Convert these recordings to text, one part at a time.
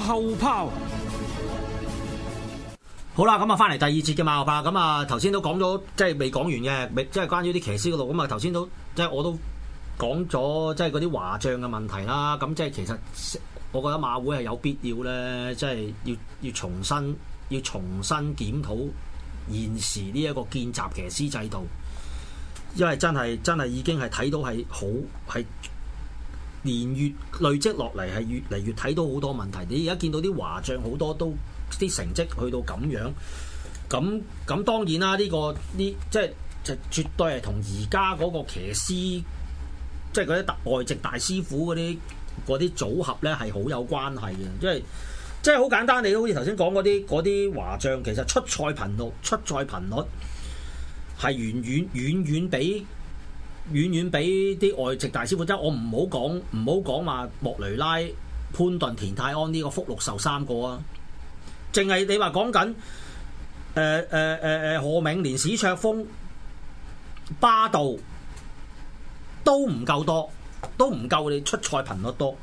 後炮，好啦，咁啊，翻嚟第二節嘅馬後炮，咁啊，頭先都講咗，即係未講完嘅，未即係關於啲騎師嗰度，咁啊，頭先都即係我都講咗，即係嗰啲華將嘅問題啦，咁即係其實我覺得馬會係有必要咧，即係要要重新要重新檢討現時呢一個見習騎師制度，因為真係真係已經係睇到係好係。年月累積落嚟係越嚟越睇到好多問題。你而家見到啲華將好多都啲成績去到咁樣，咁咁當然啦。呢個呢即係絕對係同而家嗰個騎師，即係嗰啲外籍大師傅嗰啲啲組合呢係好有關係嘅。因為即係好簡單，你都好似頭先講嗰啲啲華將，其實出賽頻率出賽頻率係遠遠遠遠比。遠遠比啲外籍大師傅，即我唔好講唔好講話莫雷拉、潘頓、田泰安呢個福祿壽三個啊，淨係你話講緊誒誒誒誒何明、連史卓峰、巴杜都唔夠多，都唔夠你出賽頻率多。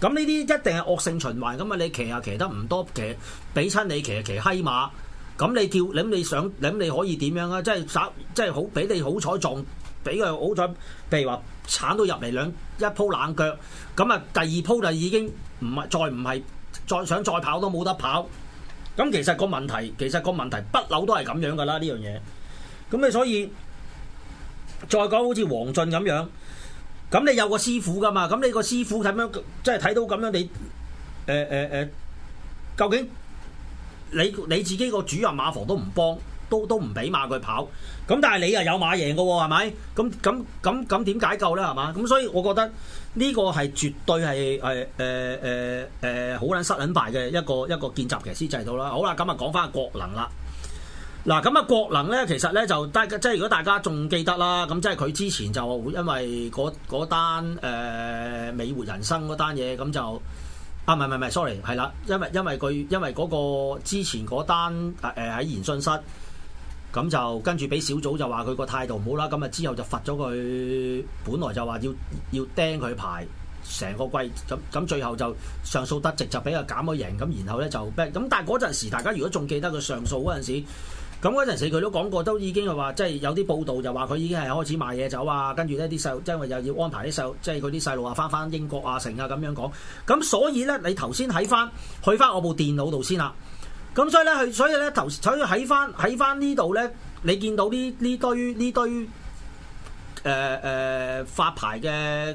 咁呢啲一定係惡性循環，咁啊你騎下騎得唔多，騎俾親你騎騎閪馬，咁你叫，咁你想，咁你，你，你可以點樣啊？即係稍，即係好俾你好彩撞。俾佢好彩，譬如話鏟到入嚟兩一鋪冷腳，咁啊第二鋪就已經唔係再唔係再想再跑都冇得跑。咁其實個問題其實個問題不嬲都係咁樣噶啦呢樣嘢。咁你所以再講好似黃俊咁樣，咁你有個師傅噶嘛？咁你個師傅睇咩？即係睇到咁樣你誒誒誒，究竟你你自己個主人馬房都唔幫？都都唔俾馬佢跑，咁但係你又有馬贏嘅喎，係咪？咁咁咁咁點解夠咧？係嘛？咁所以，我覺得呢個係絕對係係誒誒誒好撚失撚敗嘅一個一個見習騎師制度啦。好啦，咁啊講返國能啦。嗱，咁啊國能咧，其實咧就大家即係如果大家仲記得啦，咁即係佢之前就因為嗰嗰單、呃、美活人生嗰單嘢，咁就啊唔係唔係，sorry，係啦，因為因為佢因為嗰、嗰個之前嗰單喺、呃、言訊室。咁就跟住俾小組就話佢個態度唔好啦，咁啊之後就罰咗佢。本來就話要要釘佢牌，成個季咁咁，最後就上訴得直，就俾佢減咗刑。咁然後咧就 b a 咁但係嗰陣時，大家如果仲記得佢上訴嗰陣時，咁嗰陣時佢都講過都已經係話，即係有啲報道就話佢已經係開始賣嘢走啊。跟住呢啲細路，即係因為又要安排啲細路，即係佢啲細路啊翻翻英國啊成啊咁樣講。咁所以咧，你頭先喺翻去翻我部電腦度先啦。.咁所以咧，佢所以咧，頭先喺翻喺翻呢度咧，你見到呢呢堆呢堆誒誒、呃、發牌嘅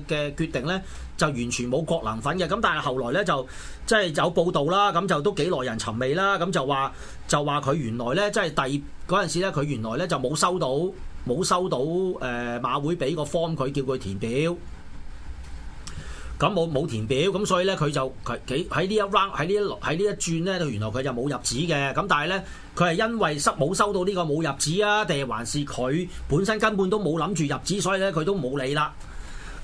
嘅決定咧，就完全冇國能份嘅。咁但係後來咧，就即係有報道啦，咁就都幾耐人尋味啦。咁就話就話佢原來咧，即係第嗰陣時咧，佢原來咧就冇收到冇收到誒、呃、馬會俾個 form 佢叫佢填表，咁冇冇填表，咁所以咧，佢就佢幾喺呢一 round 喺呢一喺呢一轉咧，原來佢就冇入紙嘅。咁但係咧，佢係因為收冇收到呢個冇入紙啊，定係還是佢本身根本都冇諗住入紙，所以咧佢都冇理啦。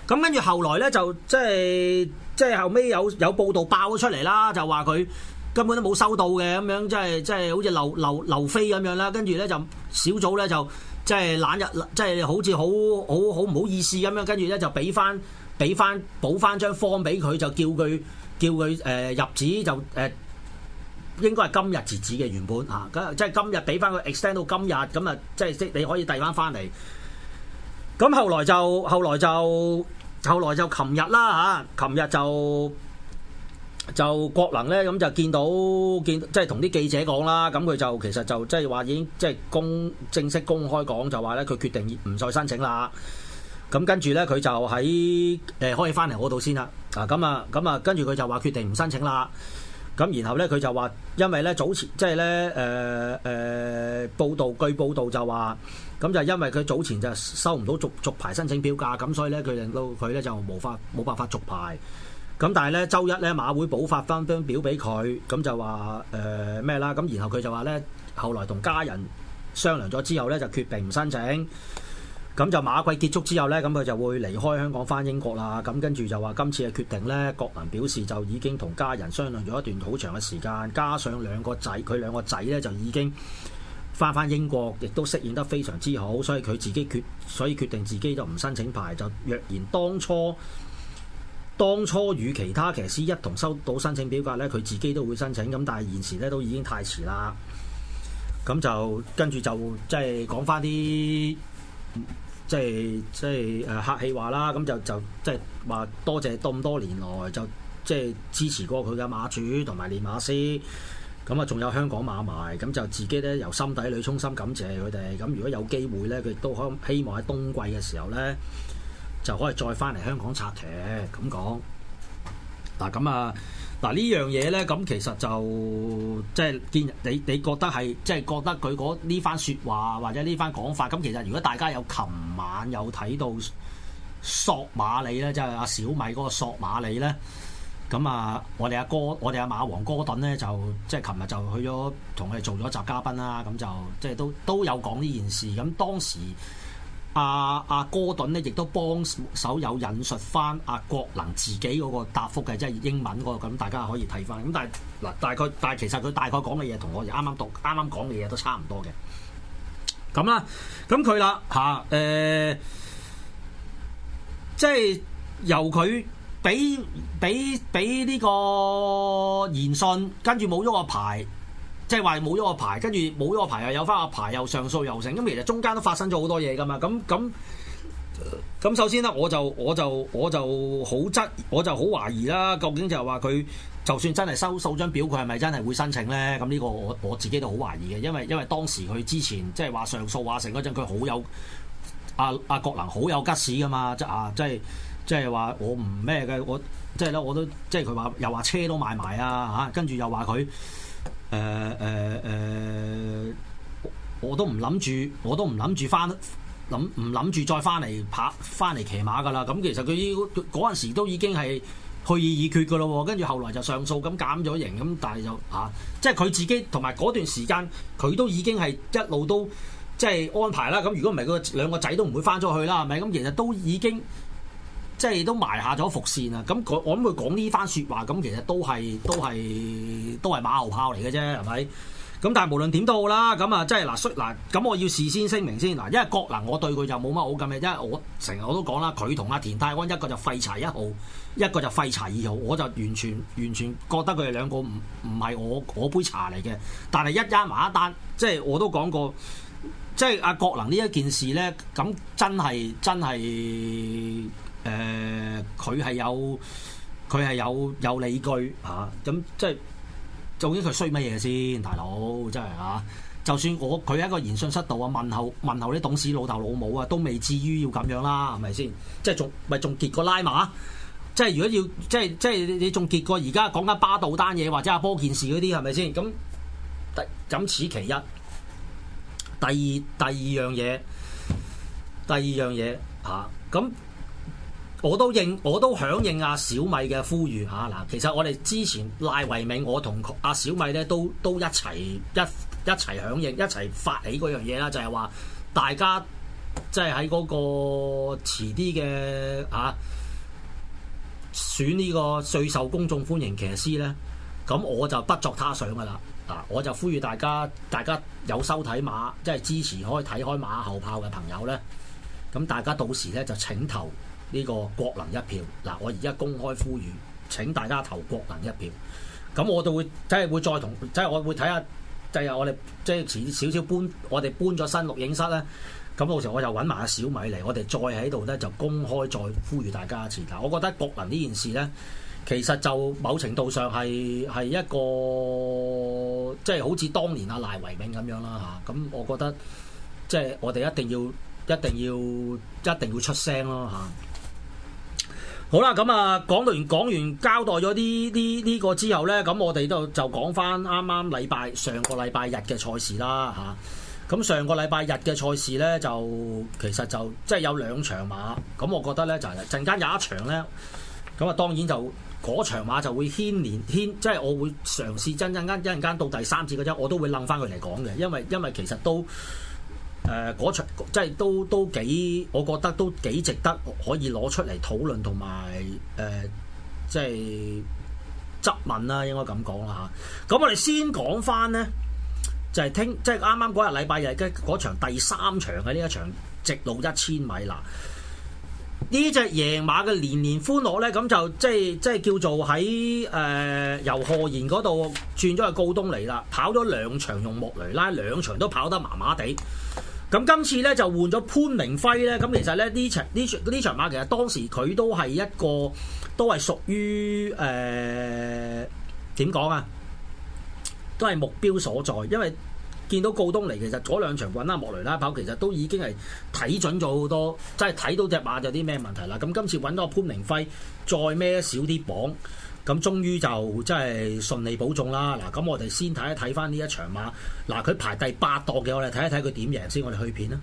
咁跟住後來咧就即係即係後尾有有報道爆咗出嚟啦，就話佢根本都冇收到嘅咁樣，即係即係好似劉劉劉飛咁樣啦。跟住咧就小組咧就即係懶日，即係好似好好好唔好意思咁樣。跟住咧就俾翻。俾翻補翻張 form 俾佢，就叫佢叫佢誒、呃、入紙就誒應該係今日截止嘅原本啊，咁即係今日俾翻佢 extend 到今日，咁、嗯、啊即係即你可以遞翻翻嚟。咁、啊、後來就後來就後來就琴日啦吓，琴日就就，啊、就，就國能咧咁就見到見即係同啲記者講啦，咁佢就其實就即係話已經即係公正式公開講就話咧，佢決定唔再申請啦。咁跟住咧，佢就喺誒可以翻嚟我度先啦。啊，咁啊，咁啊，跟住佢就話決定唔申請啦。咁然後咧，佢就話因為咧早前即係咧誒誒報道據報道就話咁就因為佢早前就收唔到續續牌申請表格，咁所以咧，佢令到佢咧就無法冇辦法續牌。咁但係咧，周一咧馬會補發翻張表俾佢，咁就話誒咩啦？咁、呃啊、然後佢就話咧後來同家人商量咗之後咧，就決定唔申請。咁就馬季結束之後呢，咁佢就會離開香港返英國啦。咁跟住就話今次嘅決定呢，國民表示就已經同家人商量咗一段好長嘅時間，加上兩個仔，佢兩個仔呢就已經翻返英國，亦都適應得非常之好，所以佢自己決所以決定自己就唔申請牌。就若然當初當初與其他騎師一同收到申請表格呢，佢自己都會申請。咁但係現時呢，都已經太遲啦。咁就跟住就即係講翻啲。即係即係誒，客氣話啦，咁就就即係話多謝咁多，多年來就即係支持過佢嘅馬主同埋練馬師，咁啊仲有香港馬迷，咁就自己呢由心底裏衷心感謝佢哋。咁如果有機會呢，佢都可希望喺冬季嘅時候呢，就可以再翻嚟香港策騎咁講。嗱咁啊。嗱呢樣嘢呢，咁其實就即係見你，你覺得係即係覺得佢嗰呢番説話或者呢番講法，咁其實如果大家有琴晚有睇到索馬里呢，即係阿小米嗰個索馬里呢，咁啊，我哋阿、啊、哥，我哋阿、啊、馬王哥頓呢，就即係琴日就去咗同佢做咗集嘉賓啦，咁就即係都都有講呢件事，咁當時。阿阿哥頓呢亦都幫手友引述翻阿、啊、國能自己嗰個答覆嘅，即係英文嗰、嗰個，咁大家可以睇翻。咁但係嗱，大概但係其實佢大概講嘅嘢同我哋啱啱讀啱啱講嘅嘢都差唔多嘅。咁啦，咁佢啦嚇誒，即、啊、係、呃就是、由佢俾俾俾呢個言訊，跟住冇咗個牌。即係話冇咗個牌，跟住冇咗個牌又有翻個牌，又上訴又成。咁其實中間都發生咗好多嘢噶嘛。咁咁咁，首先呢，我就我就我就好質，我就好懷疑啦。究竟就係話佢就算真係收收張表，佢係咪真係會申請咧？咁呢個我我自己都好懷疑嘅，因為因為當時佢之前即係話上訴話成嗰陣，佢好有阿阿國能好有吉士噶嘛，即係啊，即係即係話我唔咩嘅，我即係咧我都即係佢話又話車都買埋啊嚇，跟住又話佢。誒誒誒，我都唔諗住，我都唔諗住翻諗唔諗住再翻嚟拍翻嚟騎馬噶啦。咁其實佢嗰陣時都已經係去意已決噶咯。跟住後來就上訴咁減咗刑咁，但係就啊，即係佢自己同埋嗰段時間，佢都已經係一路都即係、就是、安排啦。咁如果唔係，佢兩個仔都唔會翻咗去啦，係咪咁？其實都已經。即係都埋下咗伏線啊！咁我我諗佢講呢番説話，咁其實都係都係都係馬後炮嚟嘅啫，係咪？咁但係無論點都好啦，咁啊，即係嗱，嗱，咁我要事先聲明先嗱，因為郭能，我對佢就冇乜好感嘅，因為我成日我都講啦，佢同阿田泰安一個就廢柴一號，一個就廢柴二號，我就完全完全覺得佢哋兩個唔唔係我我杯茶嚟嘅。但係一加埋一單，即係我都講過，即係阿郭能呢一件事咧，咁真係真係。誒，佢係、呃、有佢係有有理據吓，咁即係究竟佢衰乜嘢先，大佬真係吓、啊。就算我佢喺個言訊室度啊，問候問候啲董事老豆老母啊，都未至於要咁樣啦，係咪先？即係仲咪仲結過拉馬？即係如果要即係即係你仲結過而家講緊巴道單嘢或者阿波件事嗰啲，係咪先？咁第咁此其一，第二第二樣嘢，第二樣嘢吓，咁。啊我都應，我都響應阿小米嘅呼籲嚇嗱、啊。其實我哋之前賴維銘，我同阿小米咧都都一齊一一齊響應，一齊發起嗰樣嘢啦，就係、是、話大家即係喺嗰個遲啲嘅嚇選呢個最受公眾歡迎騎師咧，咁我就不作他想噶啦嗱，我就呼籲大家，大家有收睇馬即係、就是、支持可以睇開馬後炮嘅朋友咧，咁大家到時咧就請投。呢個國能一票嗱，我而家公開呼籲，請大家投國能一票。咁我就會即係會再同即係我會睇下，第日我哋即係遲少少搬，我哋搬咗新錄影室咧。咁到時我就揾埋阿小米嚟，我哋再喺度咧就公開再呼籲大家一次。但我覺得國能呢件事咧，其實就某程度上係係一個即係好似當年阿賴維明咁樣啦嚇。咁、啊啊啊啊啊啊、我覺得即係我哋一定要一定要一定要出聲咯嚇。啊啊好啦，咁啊，講完講完，交代咗啲啲呢個之後呢，咁我哋都就講翻啱啱禮拜上個禮拜日嘅賽事啦嚇。咁啊上個禮拜日嘅賽事呢，就其實就即係有兩場馬，咁我覺得呢，就係陣間有一場呢。咁啊當然就嗰場馬就會牽連牽，即係我會嘗試陣陣間一陣間到第三次嗰陣，我都會諗翻佢嚟講嘅，因為因為其實都。誒，嗰、呃、場即係都都幾，我覺得都幾值得可以攞出嚟討論同埋誒，即係質問啦，應該咁講啦吓。咁、啊、我哋先講翻呢，就係、是、聽即係啱啱嗰日禮拜日嘅嗰場第三場嘅呢一場直路一千米啦。呢隻贏馬嘅年年歡樂呢，咁就即係即係叫做喺誒、呃、由賀賢嗰度轉咗去告東尼啦，跑咗兩場用莫雷拉，兩場都跑得麻麻地。咁今次咧就換咗潘明輝咧，咁其實咧呢場呢呢場馬其實當時佢都係一個都係屬於誒點講啊，都係目標所在，因為見到告東尼其實嗰兩場揾阿莫雷拉跑，其實都已經係睇準咗好多，即係睇到隻馬有啲咩問題啦。咁今次揾到潘明輝，再孭少啲磅。咁終於就即係順利保中啦！嗱，咁我哋先睇一睇返呢一場馬，嗱，佢排第八檔嘅，我哋睇一睇佢點贏先，我哋去片啦。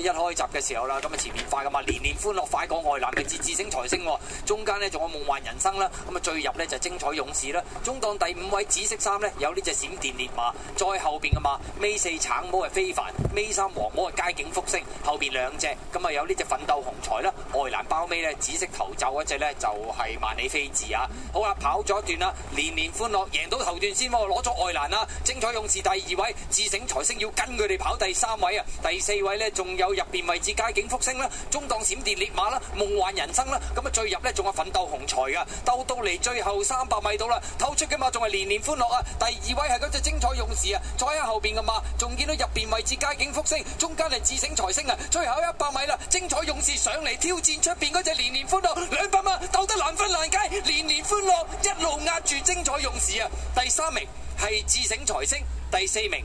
一開閘嘅時候啦，咁啊，前面快噶嘛，年年歡樂快過外欄嘅智醒財星，中間呢仲有夢幻人生啦，咁啊，最入呢就精彩勇士啦，中檔第五位紫色衫呢，有呢隻閃電烈馬，再後邊噶嘛，尾四橙帽係非凡，尾三黃帽係街景福星，後邊兩隻咁啊有呢隻奮鬥紅彩啦，外欄包尾呢，紫色頭罩嗰隻呢，就係萬里飛志啊，好啦，跑咗一段啦，年年歡樂贏到頭段先，攞咗外欄啦，精彩勇士第二位，智醒財星要跟佢哋跑第三位啊，第四位呢，仲有。到入邊位置街景復星啦，中檔閃電烈馬啦，夢幻人生啦，咁啊最入呢仲係奮鬥紅財噶鬥到嚟最後三百米到啦，透出嘅馬仲係年年歡樂啊！第二位係嗰隻精彩勇士啊，坐在喺後邊嘅馬。仲見到入邊位置街景復星，中間係智醒財星啊，最後一百米啦，精彩勇士上嚟挑戰出邊嗰隻年年歡樂，兩百米鬥得難分難解，年年歡樂一路壓住精彩勇士啊！第三名係智醒財星，第四名。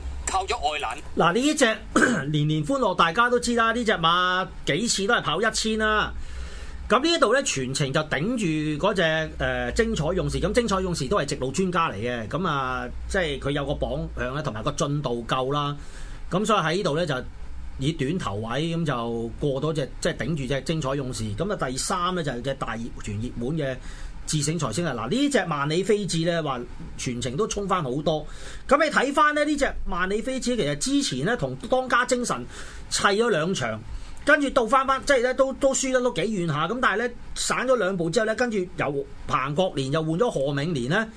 嗱，呢隻年年歡樂，大家都知啦。呢隻馬幾次都係跑一千啦。咁呢度呢，全程就頂住嗰隻誒精彩勇士。咁、啊、精彩勇士都係直路專家嚟嘅。咁啊，即係佢有個榜向咧，同埋個進度夠啦。咁、啊、所以喺呢度呢，就。以短頭位咁就過咗隻即係頂住隻精彩勇士，咁啊第三咧就係隻大熱全熱門嘅智醒財星啦。嗱呢隻萬里飛馳咧話全程都衝翻好多，咁你睇翻咧呢隻萬里飛馳其實之前咧同當家精神砌咗兩場，跟住到翻翻即係咧都都輸得都幾遠下，咁但係咧散咗兩步之後咧，跟住由彭國連又換咗何銘年咧。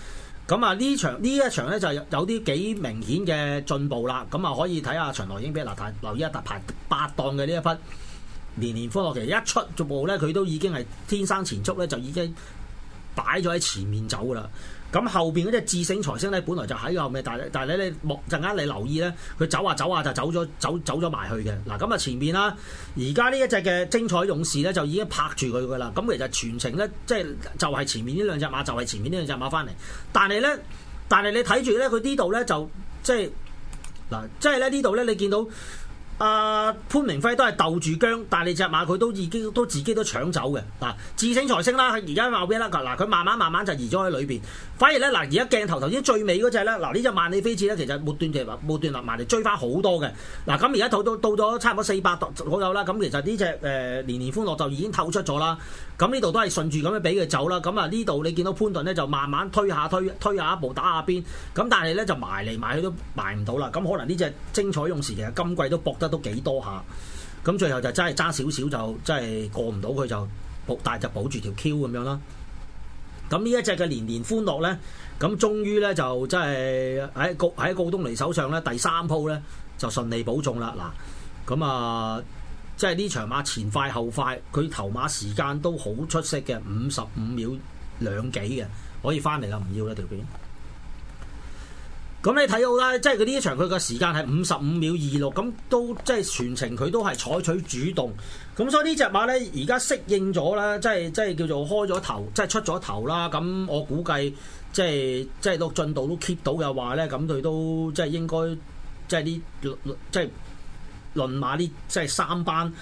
咁啊，呢場呢一場咧就係有啲幾明顯嘅進步啦。咁啊，可以睇下徐來英俾阿娜太留意一下排八檔嘅呢一匹年年科學，其實一出續步咧，佢都已經係天生前速咧，就已經擺咗喺前面走噶啦。咁後邊嗰隻智勝財星咧，本來就喺後面，但係但係咧，你望陣間你留意咧，佢走下走下就走咗走走咗埋去嘅。嗱，咁啊前面啦，而家呢一隻嘅精彩勇士咧就已經拍住佢噶啦。咁其實全程咧，即係就係前面呢兩隻馬，就係、是、前面呢兩隻馬翻嚟。但係咧，但係你睇住咧，佢呢度咧就即係嗱，即係咧呢度咧，你見到。阿潘明輝都係鬥住僵，但係你隻馬佢都已經都自己都搶走嘅嗱，自勝財星啦，而家後邊啦嗱，佢慢慢慢慢就移咗喺裏邊，反而咧嗱，而家鏡頭頭先最尾嗰隻咧嗱，呢隻萬里飛箭咧其實冇斷，其實冇斷落埋嚟追翻好多嘅嗱，咁而家到到到咗差唔多四百度左右啦，咁其實呢隻誒年年歡樂就已經透出咗啦，咁呢度都係順住咁樣俾佢走啦，咁啊呢度你見到潘頓咧就慢慢推下推推下一步打下邊，咁但係咧就埋嚟埋去都埋唔到啦，咁可能呢隻精彩勇士其實今季都搏得。都幾多下，咁最後真就真係揸少少就真係過唔到佢就保，但係就保住條 Q 咁樣啦。咁呢一隻嘅年年歡樂呢，咁終於呢，就真係喺告喺告東尼手上呢第三鋪呢，就順利保中啦。嗱，咁啊，即係呢場馬前快後快，佢頭馬時間都好出色嘅，五十五秒兩幾嘅，可以翻嚟啦，唔要啦，條片。咁你睇到啦，即係佢呢一場佢嘅時間係五十五秒二六，咁都即係全程佢都係採取主動，咁所以隻呢隻馬咧而家適應咗啦，即係即係叫做開咗頭，即係出咗頭啦。咁我估計即係即係到進度都 keep 到嘅話咧，咁佢都即係應該即係呢即係論馬呢即係三班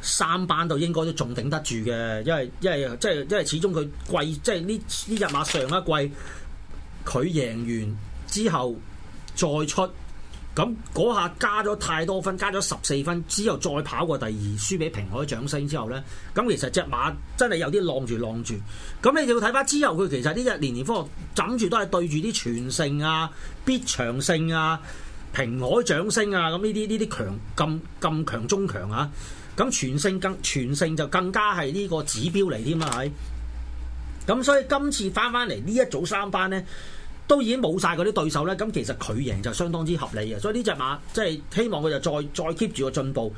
三班都應該都仲頂得住嘅，因為因為即係因為始終佢貴，即係呢呢隻馬上一季佢贏完。之後再出，咁嗰下加咗太多分，加咗十四分之後再跑過第二，輸俾平海掌聲之後呢。咁其實隻馬真係有啲浪住浪住，咁你要睇翻之後佢其實呢日年年科枕住都係對住啲全勝啊、必長勝啊、平海掌聲啊，咁呢啲呢啲強咁咁強中強啊，咁全勝更全勝就更加係呢個指標嚟添啊，係，咁所以今次翻翻嚟呢一組三班呢。都已經冇晒嗰啲對手呢，咁其實佢贏就相當之合理嘅，所以呢隻馬即係希望佢就再再 keep 住個進步，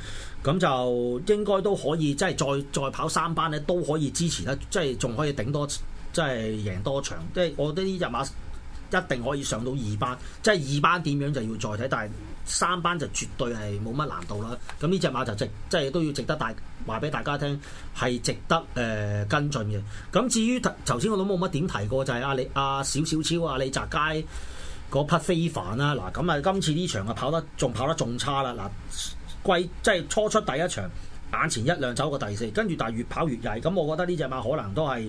咁就應該都可以即係再再跑三班呢都可以支持得，即係仲可以頂多即係贏多場，即係我覺得呢隻馬一定可以上到二班，即係二班點樣就要再睇，但係。三班就絕對係冇乜難度啦，咁呢隻馬就值，即係都要值得大話俾大家聽，係值得誒、呃、跟進嘅。咁至於頭先我都冇乜點提過，就係阿李阿小小超阿、啊、李澤楷嗰匹非凡啦，嗱，咁啊今次呢場啊跑得仲跑得仲差啦，嗱，貴即係初出第一場眼前一亮走過第四，跟住但係越跑越曳，咁我覺得呢隻馬可能都係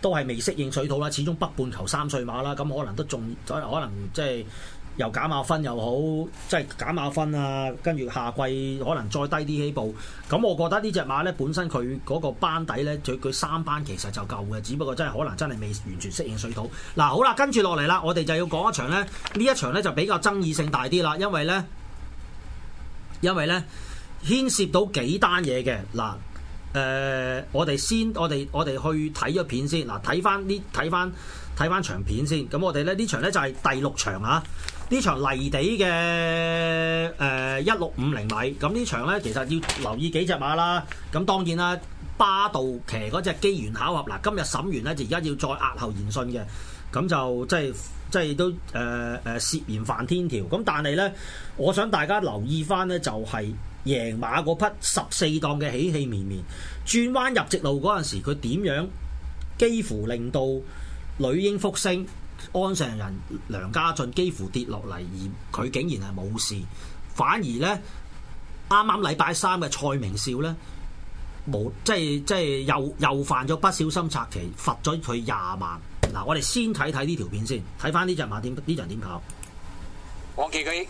都係未適應水土啦，始終北半球三歲馬啦，咁可能都仲可能即、就、係、是。又減下分又好，即係減下分啊！跟住下季可能再低啲起步，咁我覺得呢隻馬呢本身佢嗰個班底呢，佢佢三班其實就夠嘅，只不過真係可能真係未完全適應水土。嗱，好啦，跟住落嚟啦，我哋就要講一場呢。呢一場呢就比較爭議性大啲啦，因為呢，因為呢牽涉到幾單嘢嘅，嗱。誒、呃，我哋先，我哋我哋去睇咗片先，嗱，睇翻呢，睇翻睇翻長片先。咁我哋咧呢場咧就係第六場啊，呢場泥地嘅誒一六五零米。咁呢場咧其實要留意幾隻馬啦。咁當然啦，巴道騎嗰隻機緣巧合，嗱，今日審完咧就而家要再押後研訊嘅，咁就即係即係都誒誒、呃、涉嫌犯天條。咁但係咧，我想大家留意翻咧就係、是。贏馬嗰匹十四檔嘅喜氣綿綿轉彎入直路嗰陣時，佢點樣幾乎令到女英复星，安上人梁家俊幾乎跌落嚟，而佢竟然係冇事，反而呢，啱啱禮拜三嘅蔡明少呢，冇即係即係又又犯咗不小心拆棋，罰咗佢廿萬。嗱，我哋先睇睇呢條片先，睇翻呢隻馬點呢隻點跑。我記佢。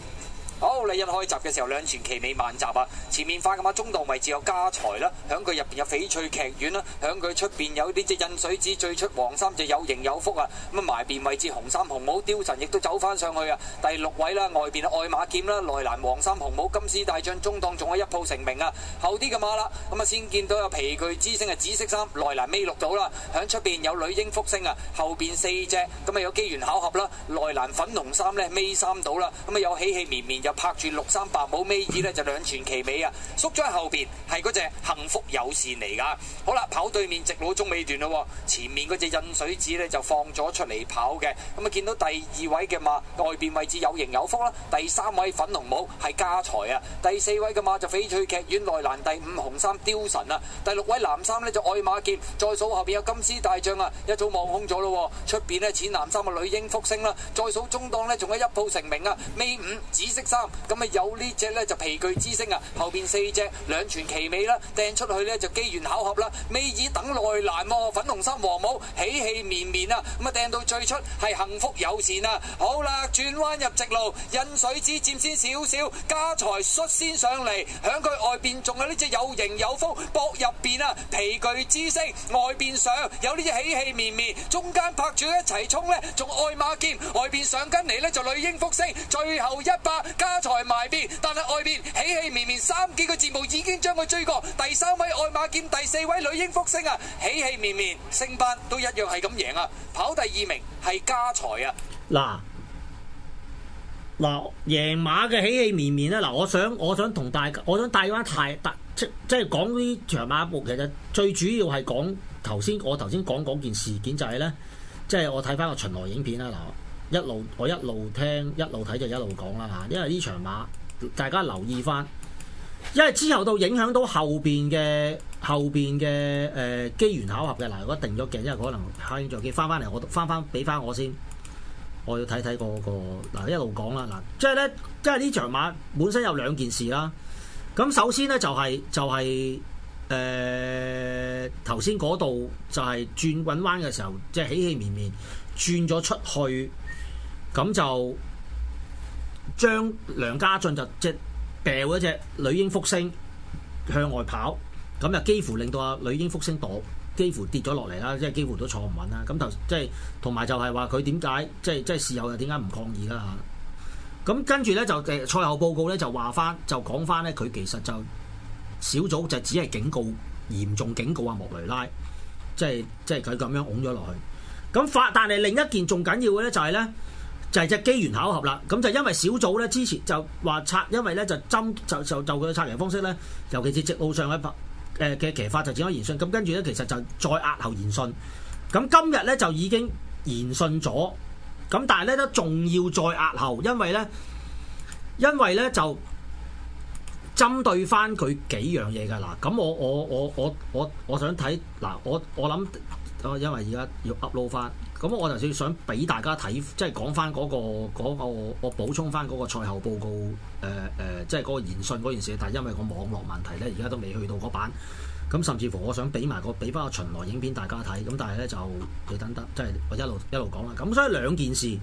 好，你一開閘嘅時候兩全其美萬集啊！前面快嘅馬中檔位置有家財啦，響佢入邊有翡翠劇院啦，響佢出邊有呢隻印水紙最出黃衫，就有形有福啊！咁啊，埋邊位置紅衫紅帽貂神亦都走翻上去啊！第六位啦，外邊愛馬劍啦，內欄黃衫紅帽金絲大將中檔仲有一鋪成名啊！後啲嘅馬啦，咁啊先見到有皮具之星嘅紫色衫內欄未錄到啦，響出邊有女英福星啊，後邊四隻咁啊有機緣巧合啦，內欄粉紅衫咧未三到啦，咁啊有喜氣綿綿有。拍住六三白帽尾二呢就兩全其美啊！縮咗喺後邊係隻幸福友善嚟噶。好啦，跑對面直路中尾段咯，哦，前面嗰隻印水紙呢就放咗出嚟跑嘅。咁、嗯、啊見到第二位嘅馬外邊位置有型有福啦，啊。第三位粉紅帽係家財啊。第四位嘅馬就翡翠劇院內欄。第五紅衫雕神啊。第六位藍衫呢就愛馬劍，再數後邊有金絲大將啊，一早望空咗咯，啊。出邊呢淺藍衫嘅女嬰復星啦，啊。再數中檔呢仲有一鋪成名啊。尾五紫色衫。咁咪、啊嗯、有呢隻呢，就皮具之星啊，後邊四隻兩全其美啦，掟出去呢，就機緣巧合啦，未以等內難、啊，粉紅衫和帽喜氣綿綿啊，咁啊掟到最出係幸福友善啊，好啦，轉彎入直路引水之尖先少少，家財率先上嚟，響佢外邊仲有呢隻有型有風，搏入邊啊皮具之星，外邊上有呢隻喜氣綿綿，中間拍住一齊衝呢，仲愛馬劍外邊上跟嚟呢，就女嬰福星。最後一百。家財埋邊，但係外邊喜氣綿綿三幾個節目已經將佢追過。第三位愛馬劍，第四位女英復星啊，喜氣綿綿，成班都一樣係咁贏啊！跑第二名係家財啊！嗱嗱，贏馬嘅喜氣綿綿呢？嗱，我想我想同大，家，我想帶翻太，即即係講呢場馬一步，其實最主要係講頭先，我頭先講嗰件事件就係、是、呢，即係我睇翻個巡邏影片啦嗱。喇。一路我一路聽一路睇就一路講啦嚇，因為呢場馬大家留意翻，因為之後到影響到後邊嘅後邊嘅誒機緣巧合嘅嗱，如果定咗鏡，因為可能下影像機翻翻嚟，我翻翻俾翻我先，我要睇睇、嗰個個嗱、呃、一路講啦嗱、呃，即係咧，即係呢場馬本身有兩件事啦。咁首先咧就係、係、就係誒頭先嗰度就係轉滾彎彎嘅時候，即係喜氣綿綿轉咗出去。咁就將梁家俊就即掉一隻女英復星向外跑，咁又幾乎令到阿女英復星墮，幾乎跌咗落嚟啦，即係幾乎都坐唔穩啦。咁就即係同埋就係話佢點解即係即係事後又點解唔抗議啦嚇？咁跟住咧就誒賽後報告咧就話翻就講翻咧佢其實就小組就只係警告嚴重警告阿莫雷拉，即係即係佢咁樣拱咗落去。咁法但係另一件仲緊要嘅咧就係咧。就係只機緣巧合啦，咁就因為小組咧之前就話拆，因為咧就針就就就佢拆人方式咧，尤其是直路上嘅拍誒嘅騎法就展開研訊，咁跟住咧其實就再押後研訊，咁今日咧就已經研訊咗，咁但係咧都仲要再押後，因為咧因為咧就針對翻佢幾樣嘢噶啦，咁我我我我我我想睇嗱，我我諗，因為而家要 upload 翻。咁我頭先想俾大家睇，即係講翻嗰個，那個，我補充翻嗰個賽後報告，誒、呃、誒，即係嗰個言訊嗰件事。但係因為個網絡問題咧，而家都未去到嗰版。咁甚至乎我想俾埋個俾翻個巡邏影片大家睇。咁但係咧就要等得，即係我一路一路講啦。咁所以兩件事。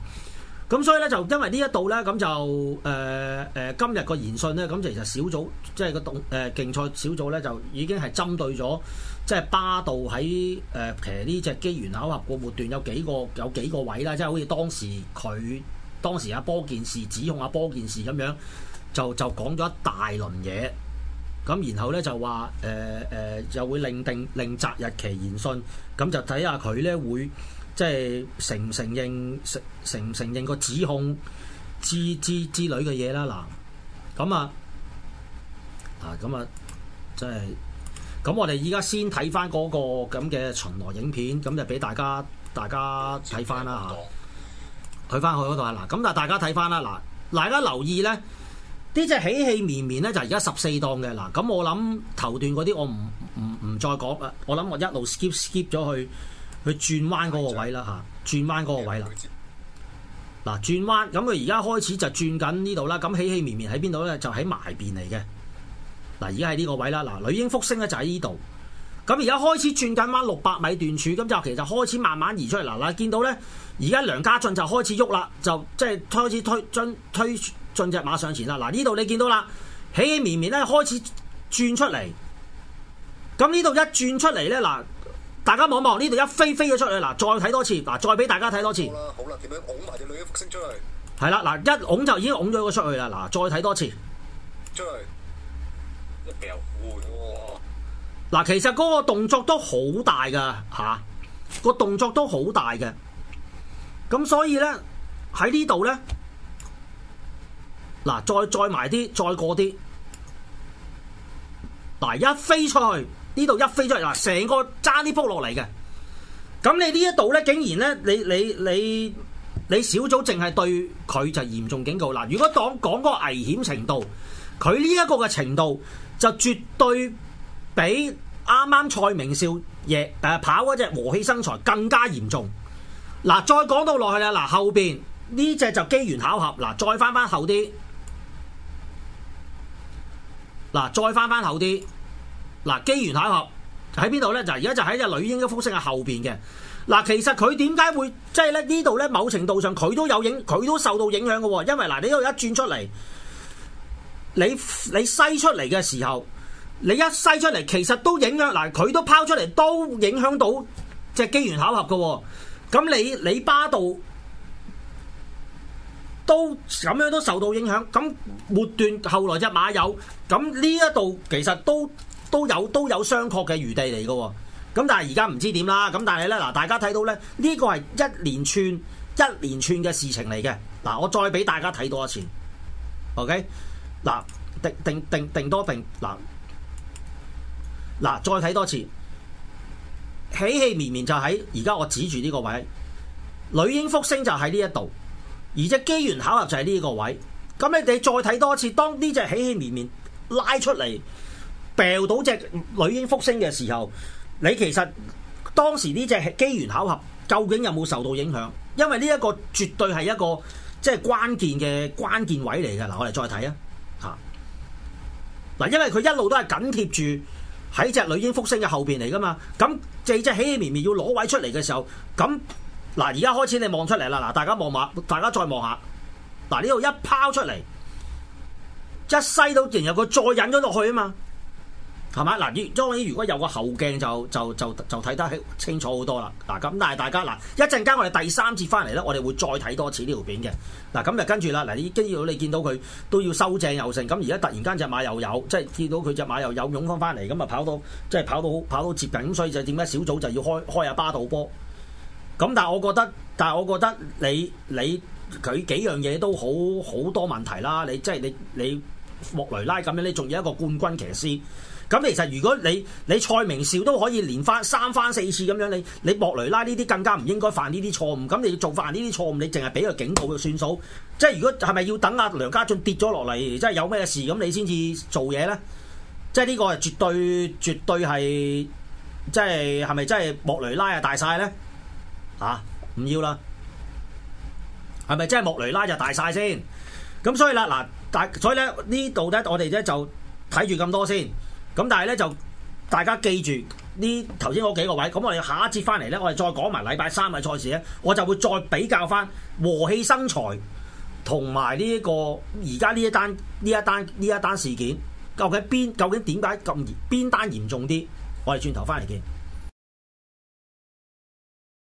咁所以咧就因為呢一度咧，咁就誒誒、呃呃、今日個言訊咧，咁其實小組即係個動誒競賽小組咧，就已經係針對咗。即係巴道喺誒、呃，其實呢隻機緣巧合個活段有幾個有幾個位啦，即係好似當時佢當時阿波件事指控阿波件事咁樣，就就講咗一大輪嘢，咁然後咧就話誒誒，又會另定另擇日期聆訊。咁就睇下佢咧會即係承唔承認承承唔承認個指控之之之類嘅嘢啦，嗱咁啊嗱咁啊，即係。咁我哋依家先睇翻嗰個咁嘅巡邏影片，咁就俾大家大家睇翻啦吓，去翻去嗰度啊！嗱，咁但大家睇翻啦，嗱，大家留意呢啲隻喜氣綿綿咧，就而家十四檔嘅嗱。咁我諗頭段嗰啲我唔唔唔再講啦，我諗我一路 skip skip 咗去去轉彎嗰個位啦吓，轉彎嗰個位啦。嗱，轉彎，咁佢而家開始就轉緊呢度啦，咁喜氣綿綿喺邊度呢？就喺埋邊嚟嘅。嗱，而家喺呢個位啦，嗱，女嬰復星咧就喺呢度，咁而家開始轉緊彎，六百米段處，咁就其實就開始慢慢移出嚟。嗱，啦，見到咧，而家梁家俊就開始喐啦，就即係開始推進推進隻馬上前啦。嗱，呢度你見到啦，起起綿綿咧開始轉出嚟，咁呢度一轉出嚟咧，嗱，大家望望呢度一飛飛咗出去，嗱，再睇多次，嗱，再俾大家睇多次。好啦，好啦，點樣拱埋隻女嬰復星出，出去？係啦，嗱，一拱就已經拱咗佢出去啦，嗱，再睇多次。出去。嗱，其實嗰個動作都好大噶吓，個、啊、動作都好大嘅。咁所以咧喺呢度咧，嗱、啊、再再埋啲，再過啲，嗱、啊、一飛出去呢度一飛出去嗱，成個揸啲波落嚟嘅。咁你呢一度咧，竟然咧，你你你你小組淨係對佢就嚴重警告嗱、啊。如果講講個危險程度，佢呢一個嘅程度。就絕對比啱啱蔡明少爺誒跑嗰隻和氣生財更加嚴重。嗱，再講到落去咧，嗱後邊呢隻就機緣巧合。嗱，再翻後再翻後啲，嗱再翻翻後啲，嗱機緣巧合喺邊度咧？呢就而家就喺隻女嬰嘅風息嘅後邊嘅。嗱，其實佢點解會即係咧？呢度咧，某程度上佢都有影，佢都受到影響嘅喎。因為嗱，你呢度一轉出嚟。你你篩出嚟嘅時候，你一篩出嚟，其實都影響嗱，佢都拋出嚟都影響到隻機緣巧合嘅喎、哦。咁你你巴度都咁樣都受到影響，咁末段後來隻馬友，咁呢一度其實都有都有都有商榷嘅餘地嚟嘅、哦。咁但係而家唔知點啦。咁但係咧嗱，大家睇到咧，呢個係一連串一連串嘅事情嚟嘅。嗱，我再俾大家睇多一次，OK？嗱，定定定定多定嗱嗱，再睇多次喜氣綿綿就喺而家。我指住呢個位女嬰復星就喺呢一度，而隻機緣巧合就係呢個位。咁你哋再睇多次，當呢隻喜氣綿綿拉出嚟，掉到隻女嬰復星嘅時候，你其實當時呢隻係機緣巧合，究竟有冇受到影響？因為呢一個絕對係一個即係、就是、關鍵嘅關鍵位嚟嘅。嗱，我哋再睇啊。嗱，因為佢一路都係緊貼住喺隻女嬰福星嘅後邊嚟噶嘛，咁即係起起綿綿要攞位出嚟嘅時候，咁嗱而家開始你望出嚟啦，嗱，大家望下，大家再望下，嗱，呢度一拋出嚟，一西到然後佢再引咗落去啊嘛。係嘛？嗱，依，當然，如果有個後鏡就就就睇得清楚好多啦。嗱，咁但係大家嗱，一陣間我哋第三次翻嚟呢，我哋會再睇多次呢條片嘅。嗱，咁就跟住啦。嗱，啲肌肉你見到佢都要收正又剩，咁而家突然間隻馬又有，即係見到佢隻馬又有擁方翻嚟，咁啊跑到，即係跑到跑到接近，咁所以就點解小組就要開開下巴道波？咁但係我覺得，但係我覺得你你佢幾樣嘢都好好多問題啦。你即係你你莫雷拉咁樣，你仲要一個冠軍騎師。咁其實，如果你你蔡明照都可以連翻三番四次咁樣，你你莫雷拉呢啲更加唔應該犯呢啲錯誤。咁你要做犯呢啲錯誤，你淨係俾個警告佢算數。即係如果係咪要等阿梁家俊跌咗落嚟，即係有咩事咁你先至做嘢咧？即係呢個係絕對絕對係，即係係咪真係莫雷拉啊大晒咧？嚇唔要啦，係咪真係莫雷拉就大晒先？咁所以啦嗱，所以咧呢度咧，我哋咧就睇住咁多先。咁但係咧就大家記住呢頭先嗰幾個位，咁我哋下一節翻嚟咧，我哋再講埋禮拜三嘅賽事咧，我就會再比較翻和氣生財同埋呢一個而家呢一單呢一單呢一單事件，究竟邊究竟嚴點解咁嚴邊單嚴重啲？我哋轉頭翻嚟見。